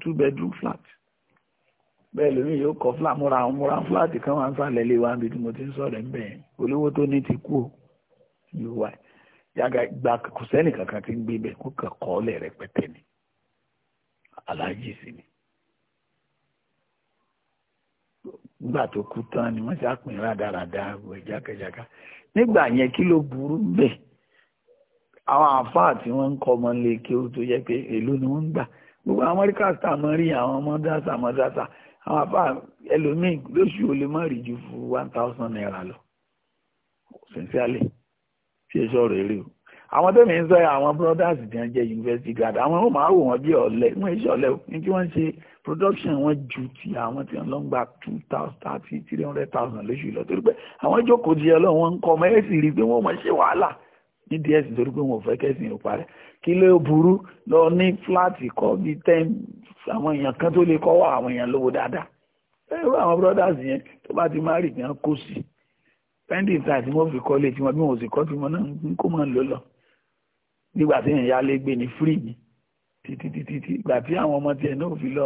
two bedroom flat bẹ́ẹ̀ lómi yóò kọ́ flat múra àwọn múra flat kan wà ń sàlẹ̀ lé wa níbi tí mo ti ń sọ̀rọ̀ ń bẹ̀yẹn olówó tó ní ti kú ò yóò wáyé yàgà gba kò sẹ́ni kankan tí ń gbé bẹ́ẹ̀ kó kàn kọ́ ọ́lẹ̀ rẹpẹtẹ ni aláàjì sí ni nígbà tó kú tán ni wọ́n ṣe àpín rádaràda wẹ̀ jákèjáká nígbà yẹn kí ló burú bẹ́ẹ̀ àwọn àáfàá tí wọ́n ń kọ́ ọmọ lè kí ó tó yẹ pé èló ni wọ́n ń gbà gbogbo amẹ́ríkà sá mọ́ rí àwọn mọ́dásà mọ́dásà àwọn àáfàá ẹlòmíì lóṣù olè mọ́ rí ju one thousand naira lọ sincerely tí ẹ sọ̀rọ̀ eré o àwọn tẹ́mi ń sọ àwọn brothers tí wọ́n jẹ́ university grad àwọn ó máa wò wọ́n bí ọ̀lẹ wọ́n ṣe ọ̀lẹ o ní kí wọ́n ṣe production wọn ju ti àwọn tí wọ́n lọ ń gba two thousand thirty three hundred thousand lóṣù lọ torí pé àwọn jókòó ti ọlọ́run wọn ń kọ́ ọmọ ẹ̀sìn rí i pé wọ́n mọ̀ ṣe wàhálà ní díẹ̀ sí torí pé wọn ò fẹ́ kẹ́sìn ò parẹ́ kí ló burú lọ ní fúláàtì kọ́ bíi ten àwọn èèyàn kan tó lè kọ́ wà àwọn èèyàn lówó dáadáa ẹ̀rọ àwọn brothers yẹn tó bá ti má rí ìyàn kó sí i spending time tí wọ́n fi kọ́lé tí wọ́n bí wọ́n sì kọ́ tí wọ́n náà ń kó máa ń lò lọ nígbà tí ìyá lé gbé ní free ni títí títí tí ìgbà tí àwọn ọmọ tiẹ̀ náà fi lọ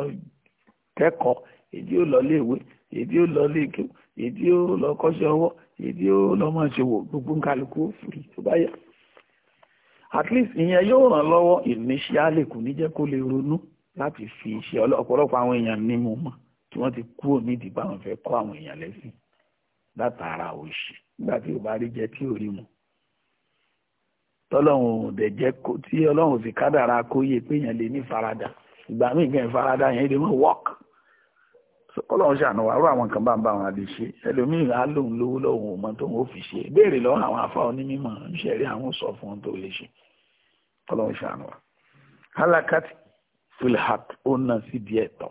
kẹ́kọ̀ọ́ èdè ó lọ léèwé èdè ó lọ léèké èdè ó lọ kọ́ṣẹ́ ọwọ́ èdè ó lọ máa ṣe wò gbogbo kálukú free tó bá yá at least ìyẹn yóò ràn lọ́wọ́ initially kò ní jẹ́ kó lè ronú láti fi ṣe ọ̀pọ̀lọpọ̀ àwọn èèyàn ní mo mọ̀ tí látara òṣì nígbà tí o bá rí jẹ tí ò rí mu tọ́lọ́run ò dẹ̀ jẹ́ kó tí ọlọ́run sì kádàrá kó yẹ pé èèyàn lè ní faradà ìgbà míì gan faradà yẹn lè mọ̀ wọ́ọ̀kì ọlọ́run ṣàánú wa rú àwọn kan bá ń bá wọn àlè ṣe á lòun lówó lọ́wọ́ ọmọ tó ń fi ṣe béèrè lọ́wọ́ àwọn afá onímọ̀ ìṣẹ̀rí àwọn sọ fún ohun tó lè ṣe ọlọ́run ṣàánú wa. halakati filhat ó nà sí díẹ̀ tọ̀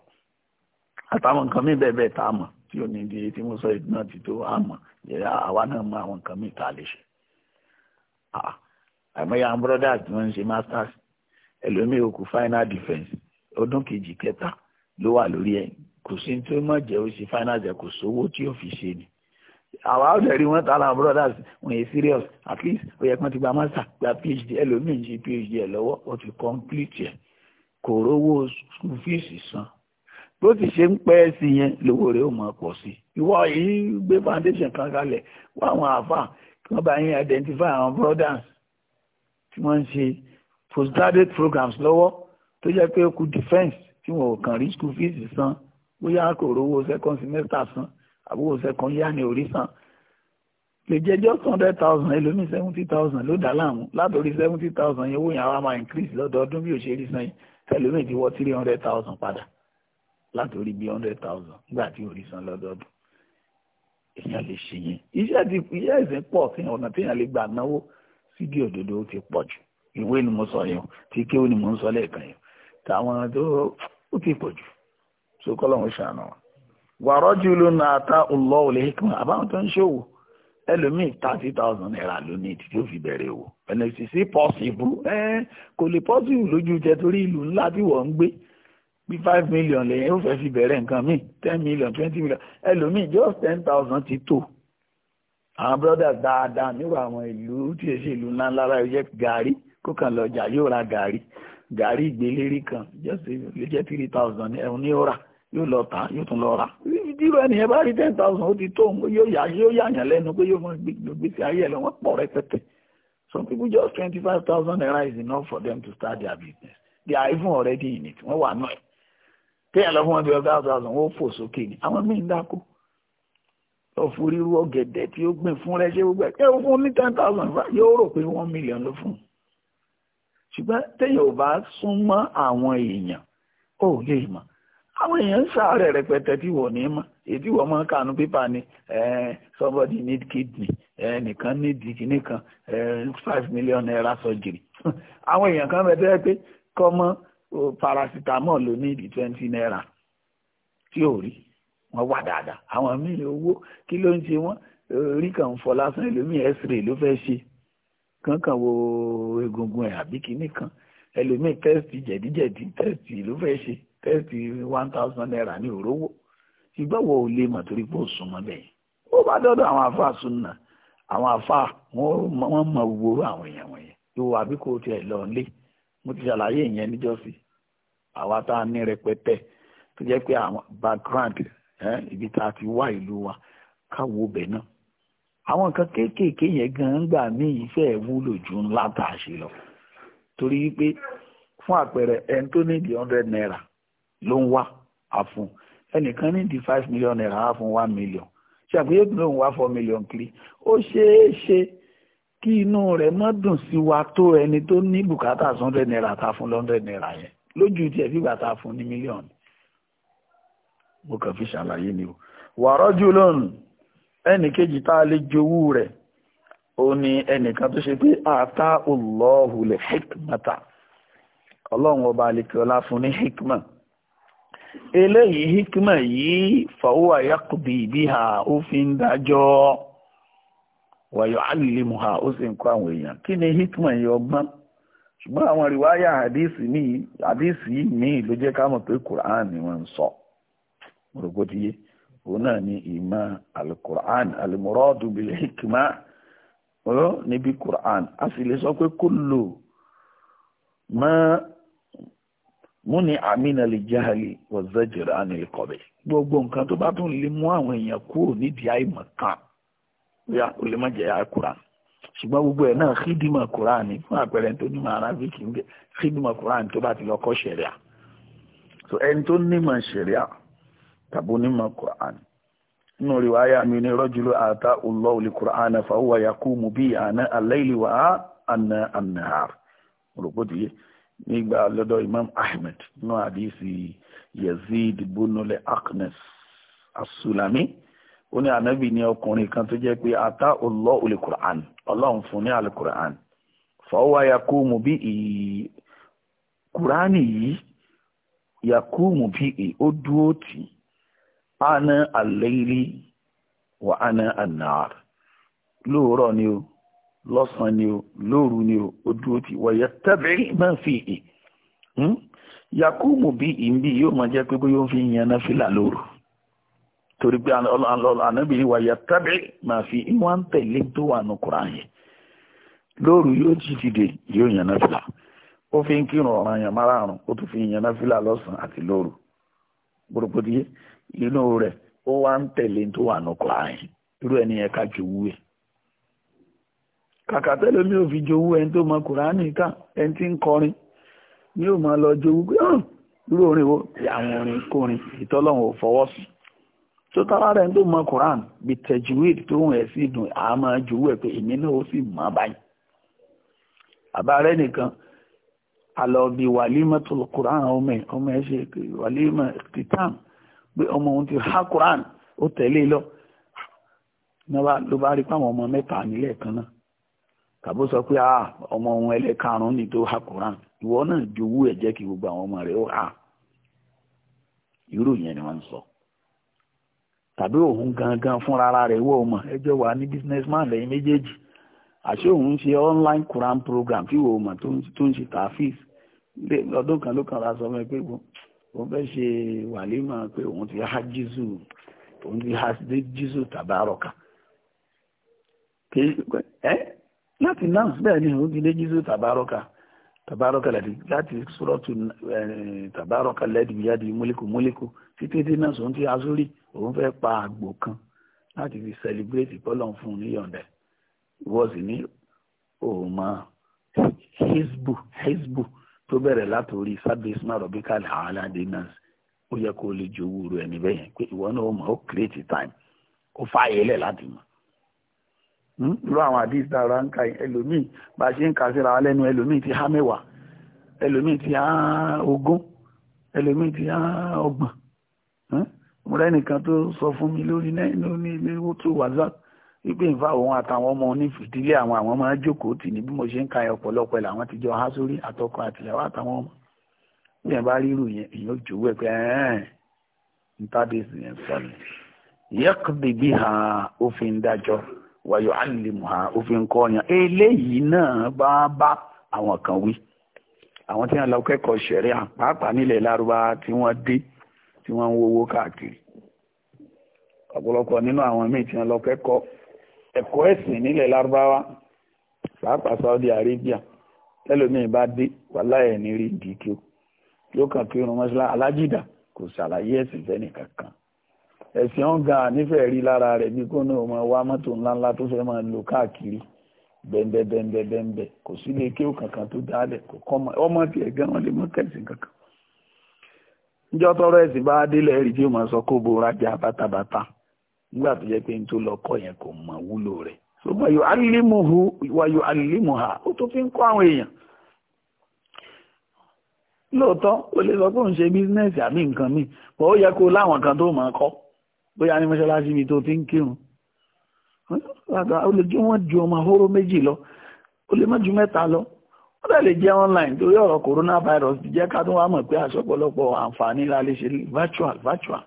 àtàwọn nǹkan míì bẹ́ẹ̀ bẹ́ẹ̀ tá a mọ̀ tí ò ní di tí mo sọ ìdúná ti tó àmọ́ àwa náà mọ àwọn nǹkan míì tá lè ṣe àmọ́ yà ń brọ́dà ṣe masters ẹlòmíì òkú final defence ọdún kejì kẹta ló wà lórí ẹ̀ kò sí tí ó mọ̀ jẹ́ ó ṣe final jẹ́ kò sówó tí ó fi ṣe ni àwa ọ̀dẹ̀ rí wọ́n tààlà brothers wọ́n yẹ serious at least ó yẹ kán ti gba master gba phd ẹlòmíì ń ṣe phd ẹ̀ lọ́wọ́ ó ti complete ẹ̀ kò rówó school fees san tó sì ṣe ń pẹ́ sí yẹn lówó rẹ̀ ó máa pọ̀ sí ìwọ yìí gbé foundation kan kalẹ̀ wọ́n àwọn àfà kí wọ́n bá yín identify àwọn brothers tí wọ́n ń ṣe postgraduate programs lọ́wọ́ tó jẹ́ pé ó kù defence tí wọn ò kàn rí school fees san bóyá kò rówó second semester san àbúrò second year ní orí san lè jẹ́ just hundred thousand ẹlòmíì seventy thousand ló dá láàmú látòrí seventy thousand yẹn owó yẹn àwa máa increase lọ́dọọdún bí òṣèré san yẹn ẹlòmíì ti wọ three hundred thousand padà látòrí bíi hundred thousand nígbà tí orí san lọ́dọọdún èèyàn lè ṣe yẹn iṣẹ́ ti iṣẹ́ ìsìn pọ̀ sí ọ̀nà téèyàn lè gbà náwó síbi òdodo ó ti pọ̀ jù ìwé ni mo sọ yẹn tí kéwù ni mo ń sọ lẹ́ẹ̀kan yẹn tàwọn tó ó ti pọ̀ jù so kọ́lọ́hún ṣàánú wa. wàrọ́jú ló na ata ọlọ́ òlẹ̀ hikima àbáwọn tó ń ṣòwò ẹlòmíì thirty thousand naira ló ní títí ó fi bẹ̀rẹ̀ wò ẹnìsísí pọ́sibú ẹ kò lè pọ́sibú lójú jẹ torí ìlú ńlá tí wọ́n ń gbé bí five million lèyìn ó fẹ́ fi bẹ̀rẹ̀ nǹkan míì ten million twenty million ẹlòmíì just ten thousand ti tó àwọn brothers dáadáa níwọ̀ àwọn ìlú tí èsì ìlú ńlá ńlá rà yóò jẹ́ gàárì kó kàn lọ́jà yóò ra gàárì gàárì ìgbélérí kan just lè jẹ́ three thousand ẹ̀hún ní ó rà yóò lọ tà yóò tún lọ rà dírò ẹnìyẹn bá rí ten thousand ó ti tó òun yóò yà yóò yàyàn lẹ́nu pé yóò mọ gbèsè ayé ẹ̀ lọ wọ́n pọ̀ rẹpẹtẹ some people just twenty five thousand naira is enough for them to start their business they are even already in it wọ́n wà náà téèyàn lọ fún wọn bí ọgá ọgá ọsàn wọn ó fò sókè ni àwọn míì ń dáko lọ fún ríru ọ̀gẹ̀dẹ̀ tí ó gbìn fún rẹ ṣé gbogbo ẹ yóò fún ní ten thousand yóò rò pé one million ló fún un ṣùgbọ́n téèyàn ò bá sún mọ́ àwọn èèyàn ó lè mọ̀ àwọn èèyàn ń ṣàárẹ̀ rẹpẹtẹ tí wọ́n ní mọ̀ èyí tí wọ́n mọ̀ kànú pépà ni somebody need kidney nìkan need kidney kan five million naira surgery àwọn èèyàn kan bẹ tẹ́ pé kọ́mọ́ paracetamol ló ní ìdí twenty naira tí ò rí wọ́n wà dáadáa àwọn míì owó kí ló ń ṣe wọ́n orí kan ń fọ́ lásán ẹlòmíì x-ray ló fẹ́ ṣe kankan wo egungun ẹ̀ àbí kinní kan ẹlòmíì tẹ́sítì jẹ̀díjẹ̀dí tẹ́sítì ló fẹ́ ṣe tẹ́sítì one thousand naira ní òróró ṣùgbọ́n wo ò lè mọ̀ torí pé ó súnmọ́ bẹ́ẹ̀ ó bá dọ́dọ̀ àwọn àfáà súnà àwọn àfáà wọ́n mọ̀ wọ́n àwọn èèyàn wọ̀nyẹn ìwọ àbí kò tiẹ̀ lọ lé mo ti ṣàlàyé ìyẹn níjọ́sí àwa tá a ní rẹpẹtẹ tó jẹ́ pé àwọn background ibi tá a ti wá ìlú wa káwo bẹ̀ náà àwọn nǹkan kéékèèké yẹn gan gbà mí ìfẹ́ wúlò ju ńlá tá a ṣe lọ torí wípé fún àpẹẹrẹ ẹni tó ní di hundred naira ló ń wá àfún ẹnìkan ní di five million naira àfún one million ṣàpèjẹ́ pé òun wá four million kiri ó ṣeé ṣe. kí inú rẹ má dùn sí wa tó ẹni tó ní bùkátà hundred naira ta fún hundred naira yẹn lójú tiẹ̀ fìgbà ta fún ní mílíọ̀nù mo kàn fi ṣàlàyé ni o wàrọ́jú lónìí ẹnì kejì tá a lè jowú rẹ̀ ó ní ẹnìkan tó ṣe pé àtá òlọ́ọ̀hùlẹ̀ hikmata ọlọ́run ọba alekiola fún ní hikma eléyìí hikma yìí fàwọ́ àyàkùbì bí ha ó fi ń dájọ́ wàyọ̀ alìlímùhà ó sì ń kọ́ àwọn èèyàn kí ni hikma yìí ọgbọ́n ṣùgbọ́n àwọn rìwáyà àdìsí ní àdìsí míì ló jẹ́ ká mọ̀ pé quran ni wọ́n ń sọ rògbòdìyẹ òun náà ni ìmọ̀ alukur'an alimurọ́dù bil ọ̀rọ̀ níbi quran a sì lè sọ pé ma múni gbogbo nǹkan tó bá tún lè mú àwọn èèyàn kúrò nídìí àìmọ̀ bóyá o lè má jẹ́ àkùrán ṣùgbọ́n gbogbo ẹ̀ náà xidima quran ni fún àpẹẹrẹ tó ní arabic ń bẹ xidima quran tó bá ti lọ kọ́ ṣẹ̀ríà so ẹni tó nímọ̀ ṣẹ̀ríà tàbí onímọ̀ quran nínú rí wáyà mi ní rọ́júlù àtà olóòlì quran fàwọ́ yakumu bíi àná aláìlì wà á àná ànàhàr olùkọ́dìyẹ nígbà lọ́dọ̀ imam ahmed nínú àdìsí yazid bunule aknes asulami. As ó ní ànábì ní ọkùnrin kan tó jẹ́ pé ata Allah olùkùrán ọlọ́run fún ní alukùrán fọwọ́ yakumu bí ìyí kùránì yìí yakumu bí ìyí ó dúró tì ana al-layli wa ana an-nar lóòrọ̀ ni o lọ́sàn ni o lóòru ni o ó dúró tì wa yattabi' ma fihi hmm? yakumu bí ìyí yóò máa jẹ́ pé bóyá ó fi yan náfìlà lóru. torí pé ànábì wa yà tábì máa fi ìwọ̀n tẹ̀lé tó wà yóò yóò yàn náà fìlà fi ń kírun ọ̀ràn yàn márààrún ó tún fi yàn náà fìlà lọ́sàn-án àti lóru gbòdògbòdìyẹ inú rẹ̀ ó wá ń tẹ̀lé tó wà nù Kùránì yẹn irú ẹni yẹn ká mi ò fi jowú ẹni tó mọ ẹni tí ń kọrin ni ò fọwọ́ sí tó tara rẹ̀ mọ koran bí tajwid tó ń ẹ̀ dùn àmọ́ jùwọ́ pé èmi náà ó sì báyìí tó lọ ọmọ ọmọ ṣe titan pé ọmọ ohun ti ha koran ó tẹ̀lé lọ ló bá rí ọmọ mẹta nílẹ̀ kan náà tàbó sọ pé ah, ọmọ ha koran ìwọ náà kí gbogbo àwọn ọmọ ha irú yẹn ni sọ. tàbí òun gangan fúnra rẹ̀ wọ́n mọ̀ ẹ jọ wà ní man lẹ́yìn méjèèjì àṣé òun ń ṣe online Quran program tí wọ́n mọ̀ tó ń ṣe tafis ọdún kan ló kàn ra sọ pé òun fẹ́ ṣe wàlímọ̀ pé òun ti há jésù òun ti há jésù tàbárọ̀kà láti náà bẹ́ẹ̀ ni òun ti dé jésù tàbárọ̀kà tabarokaladi láti sọ́rọ́tù tabarokaladi bíyàdì múlíkù múlíkù títí tí náà sọ́n ti azúrí òun fẹ́ pa àgbò kan láti fi sẹlẹ̀bírẹ́tì bọ́lọ̀ fún un níyọ̀ǹdẹ̀ wọ́ọ̀sì ní òòmà hezbo hezbo tó bẹ̀rẹ̀ látòrí sábẹ́sìmá rọ̀bíkàlì àhálàdé náà ó yẹ kó lè jowó rẹ̀ níbẹ̀ yẹn pé ìwọ náà ó mọ̀ ó kírètì táìmù ó fààyè lẹ̀ láti mọ̀ Hmm? irú àwọn àdìs dára ń ka ẹlòmíì bá a ṣe ń kà síra wa lẹ́nu ẹlòmíì ti há mẹ́wàá ẹlòmíì ti há ogún ẹlòmíì ti há ọgbọ̀n hmm? mo rẹ́ nìkan tó sọ fún mi lórí ní ilé owó tó whatsapp wípé nfa òun àtàwọn ọmọ onífìdílé àwọn àwọn máa jókòó tì ní bí mo ṣe ń ka ọ̀pọ̀lọpọ̀ ẹ̀ làwọn ti jọ há sórí àtọkọ àtìyàwó àtàwọn ọmọ bí ẹ̀ bá rírù yẹn èyàn ò jòwó ẹ̀ pé ẹ̀ẹ́n ntádé sì wàyọ̀ àlèmùhà òfin kọ́ọ̀yàn eléyìí náà bá bá àwọn kan wí àwọn tí wọ́n lọ kẹ́kọ̀ọ́ ṣẹ̀ríà pàápàá nílẹ̀ lárúbá tí wọ́n dé tí wọ́n ń wówó káàkiri ọ̀pọ̀lọpọ̀ nínú àwọn míì tí wọ́n lọ kẹ́kọ̀ọ́ ẹ̀kọ́ ẹ̀sìn nílẹ̀ lárúbáwá pàápàá Saudi Arabia tẹ́lómìn bá dé wàláyé ní rí dìkú yóò kàn kírun mọ́ṣálá alájìdá kò ṣàlàyé ẹ̀sìn fẹ́nìkankan ẹ̀sìn ọ̀gá nífẹ̀ẹ́ rí lára rẹ̀ bí kó náà mọ wá mọ́tò ńláńlá tó fẹ́ máa lò káàkiri bẹ́ẹ̀bẹ́ẹ̀bẹ́ẹ̀bẹ́ẹ̀ kò sí lè kéwù kankan tó dálẹ̀ kò kọ́ ọmọ tiẹ̀ gan wọn lè mọ́ kẹ̀sìn kankan. níjọ́ tọrọ ẹ̀sìn bá délẹ̀ rí tí ó máa sọ kó bo rajà bàtàbàtà nígbà tó jẹ́ pé n tó lọ kọ́ yẹn kò mọ wúlò rẹ̀. lóòótọ́ o lè sọ pé òun ṣe àbí nǹkan míì kan tó máa kọ́ bóyá ní mọ́ṣáláṣí mi tó ti ń kírun ó lè jẹ́ wọ́n ju ọmọ ahóró méjì lọ ó lè má ju mẹ́ta lọ ó dẹ̀ lè jẹ́ online torí ọ̀rọ̀ coronavirus jẹ́ ká tó wá mọ̀ pé àṣọpọ̀lọpọ̀ àǹfààní la lè ṣe virtual virtual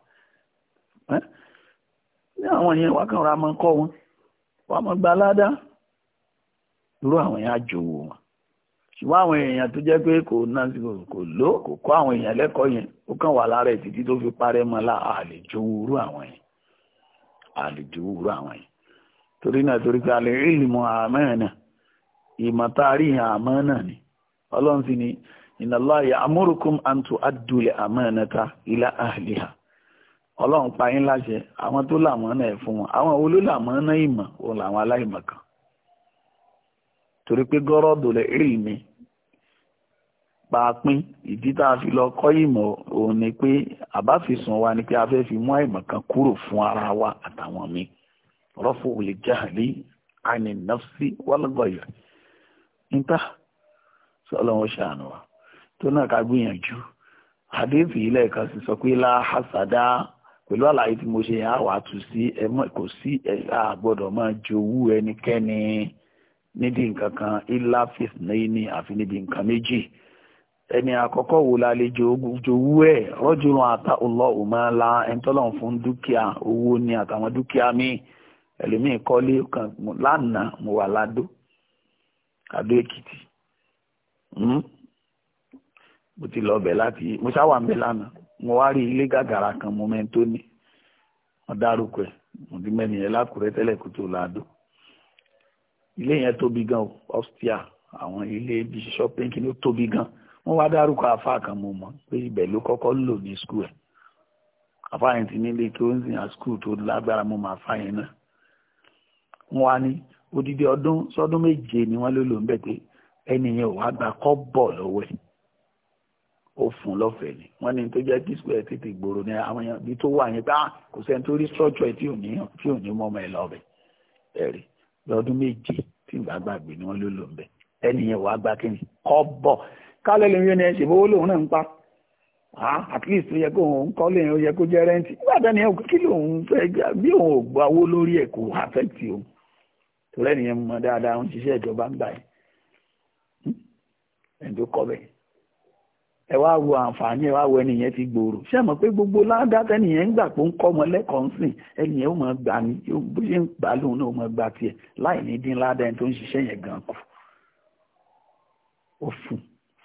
ní àwọn yẹn wá kàn ra máa kọ́ wọn wá máa gba ládá irú àwọn yẹn á jòwó wọn ṣùgbọ́n àwọn èèyàn tó jẹ́ pé kò ná kò ló kò kọ́ àwọn èèyàn lẹ́kọ̀ọ́ yẹn ó kàn wà lára tó fi parẹ́ mọ́ la àlejò wúrú àwọn yẹn àlejò wúrú àwọn yẹn torí náà torí pé ìlìmọ̀ àmọ́ náà ni ọlọ́run sì ni inna Allah ya'murukum an tu'addul amanata ila ahliha ọlọ́run pa yín láṣẹ àwọn tó làmọ́ náà ẹ̀ fún wọn àwọn náà ìmọ̀ òun làwọn kan torí pé paapin ìdí tá a fi lọ kọ́ ìmọ̀ òun ni pé àbáfisùn wa ni pé a fẹ́ fi mú àìmọ̀ kan kúrò fún ara wa àtàwọn mi rọ́fò lè jáde àní nafsi wálọ́gọ̀yà níta sọlọ́wọ́ ṣàánú wa tó náà ká gbìyànjú àdéhùn ilé ẹ̀ka sì sọ pé láhásàdá pẹ̀lú àlàyé tí mo ṣe yẹn á tù sí ẹmọ kò sí ẹ̀ka àgbọ̀dọ̀ máa jowú ẹnikẹ́ni nídìí nǹkan kan ilá fìsìnà yìí àfi níbi nǹkan méjì. ẹni àkọ́kọ́ wò la lè jòwú ẹ̀ rọ́jùrún àtà ọlọ́ òmàlà ẹ̀ńtọ́lọ́n fún dúkìá owó ni àtàwọn dúkìá míì ẹlòmíì kọ́lé kan lánàá mo wà ládó Adó Èkìtì hmm? mo ti lọ bẹ̀ láti mo ṣáwà ń lánàá kan mo mẹ́ tó wọ́n dárúkọ ẹ̀ mo gan ọ́stíà àwọn ilé bíi gan wọ́n wá dárúkọ àfa kan mo mọ̀ pé ibẹ̀ ló kọ́kọ́ lò ní skul ẹ̀ àfa yẹn ti nílé tó ń sìn à skul tó lágbára mo mọ̀ àfa yẹn náà wọ́n wá ní odidi ọdún sọdún méje ni wọ́n ló lò ń bẹ̀ pé ẹni yẹn ò wá gba kọ́ bọ̀ lọ́wọ́ ẹ̀ ó fún lọ́fẹ̀ẹ́ ni wọ́n ní tó jẹ́ kí skul ẹ̀ tètè gbòòrò ní àwọn èèyàn bí tó wà yẹn pé ah, kò sẹ́ni tó rí structure ẹ̀ tí ò ní mọ́ ọmọ ẹ̀ lọ́bẹ̀ ẹ̀rí lọ́dún méje tí ìgbà ni wọ́n ló lò ń bẹ̀ ẹni yẹn ò wá gba kí ni kọ́ bọ̀ kálẹ̀ lè yẹn ṣe owó lòun náà ń pa at least ó yẹ kó òun kọ́ lè yẹ kó jẹ́ rẹ́ǹtì nígbà dání ẹ̀ kí lòun fẹ́ bí òun ò gba owó lórí ẹ̀ kò affect òun torí ẹnìyẹn mọ dáadáa ń ṣiṣẹ́ ìjọba ń gbà yìí hmm? ẹ̀ tó kọ́ bẹ́ẹ̀ ẹ wá wo àǹfààní ẹ wá wo ẹnìyẹn ti gbòòrò ṣé mọ̀ pé gbogbo ládàá tẹ́nìyẹn ń gbà pé ń kọ́ ọmọ lẹ́kọ̀ọ́ ń sìn ẹnìyẹn ó mọ̀ gbà ní bó ṣe ń gbà lóun náà ó mọ̀ gbà tiẹ̀ láì ní dín ládàá ẹni tó ń ṣiṣẹ́ yẹn gan kù ó fún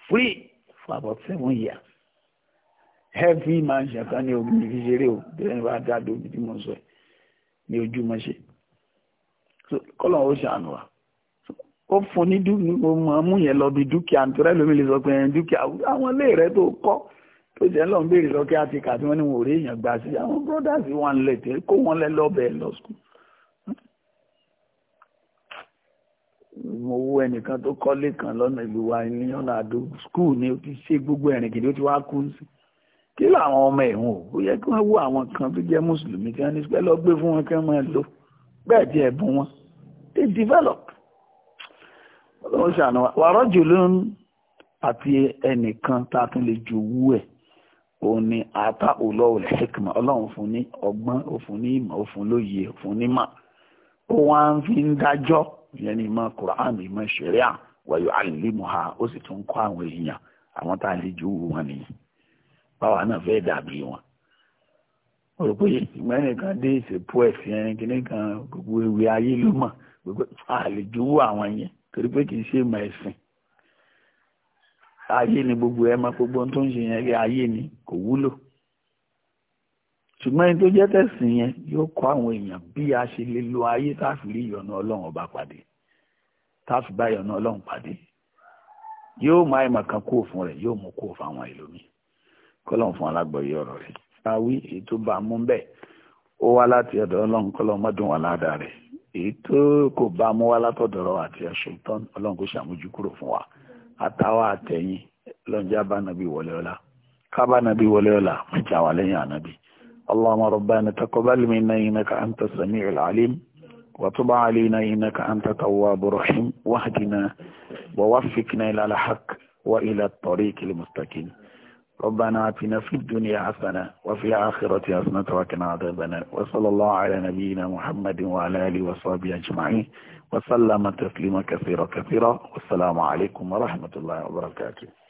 free for about seven years heavy mansion kan ní obìnrin fi ṣeré o bí ẹni bá dáadé omi tí mo ń sọ ẹ ní ojúmọ́ ṣe kọ́lọ̀ ó ṣàánú wa ó fún ní amúyẹn lọ bí dúkìá nítorí ẹlòmí lè sọ pé ẹni dúkìá àwọn ilé rẹ tó kọ́ tó jẹ́ lọ́n lọ́kẹ́ àti kàtí wọ́n ní wọn rí èèyàn gbà sí àwọn brothers wọn lẹ̀ tẹ́ kó wọn lẹ́ lọ́bẹ̀ẹ́ lọ school mo wo ẹnìkan tó kọ́lé kan lọ́nà ìlú wa ní ọ̀nà àdó skul ni ó ti ṣe gbogbo ẹ̀rìn kìdí ó ti wá kú sí kí làwọn ọmọ ẹ̀hún ò ó yẹ kí wọ́n wo àwọn kan tó jẹ́ mùsùlùmí tí wọ́n ní pẹ́ lọ gbé fún wọn kí wọ́n máa lò bẹ́ẹ̀ tí ẹ̀bùn wọn they develop ọlọ́run ṣàánú wa wàrọ̀ jùlọ àti ẹnìkan tá a tún lè jù wú ẹ̀ òun ni ata olóòlù hekima ọlọ́run fún ní ọgbọ́n òfun ní ìmọ̀ òfun lóye òfun ní mà ó wá ń fi ń dájọ́ ìyẹn ni ìmọ̀ Quran ìmọ̀ ṣẹ̀ríà wàyò àlìlímùhà ó sì tún kọ́ àwọn èèyàn àwọn tá a lè ju wọn nìyí báwa náà fẹ́ dàbí wọn. mo rò pé ìgbà nìkan dé ìsèpú ẹ̀sìn ẹni kìíní kan gbogbo ewé ayé ló mọ̀ gbogbo àlejò àwọn yẹn torí pé kì í ṣe ìmọ̀ ẹ̀sìn ayé ni gbogbo ẹ̀ máa gbogbo ohun tó ń ṣe yẹn ayé ni kò wúlò ṣùgbọ́n ẹni tó jẹ́ tẹ̀sìn yẹn yóò kọ́ àwọn èèyàn bí a ṣe lè lo ayé táàfin rí ìyọ̀nà ọlọ́run ọba pàdé táàfin bá ìyọ̀nà ọlọ́run pàdé yóò máa ìmọ̀ kan kúrò fún rẹ̀ yóò mú kúrò fún àwọn ìlú mi kọ́lọ́n fún alágbọ̀yé ọ̀rọ̀ rẹ̀ sáwí èyí tó bá mú bẹ́ẹ̀ ó wá láti ọ̀dọ̀ ọlọ́run kọ́lọ́n mọ́dún wà ládàá rẹ̀ èyí tó kò bá mú wá látọ̀dọ̀rọ̀ àti ṣètán ọlọ́run kò ṣàmójú kúrò fún wa àtàwọn àtẹ̀yìn lọ́njà bá nàbí wọlé ọlá ká bá nàbí wọlé ọlá mẹ́jà wà lẹ́yìn ànábì اللهم ربنا تقبل منا إنك أنت السميع العليم وتب علينا إنك أنت تواب رحيم واهدنا ووفقنا إلى الحق وإلى الطريق المستقيم ربنا آتنا في الدنيا حسنة وفي الآخرة حسنة وقنا عذاب النار وصلى الله على نبينا محمد وعلى آله وصحبه أجمعين وسلم تسليما كثيرا كثيرا والسلام عليكم ورحمة الله وبركاته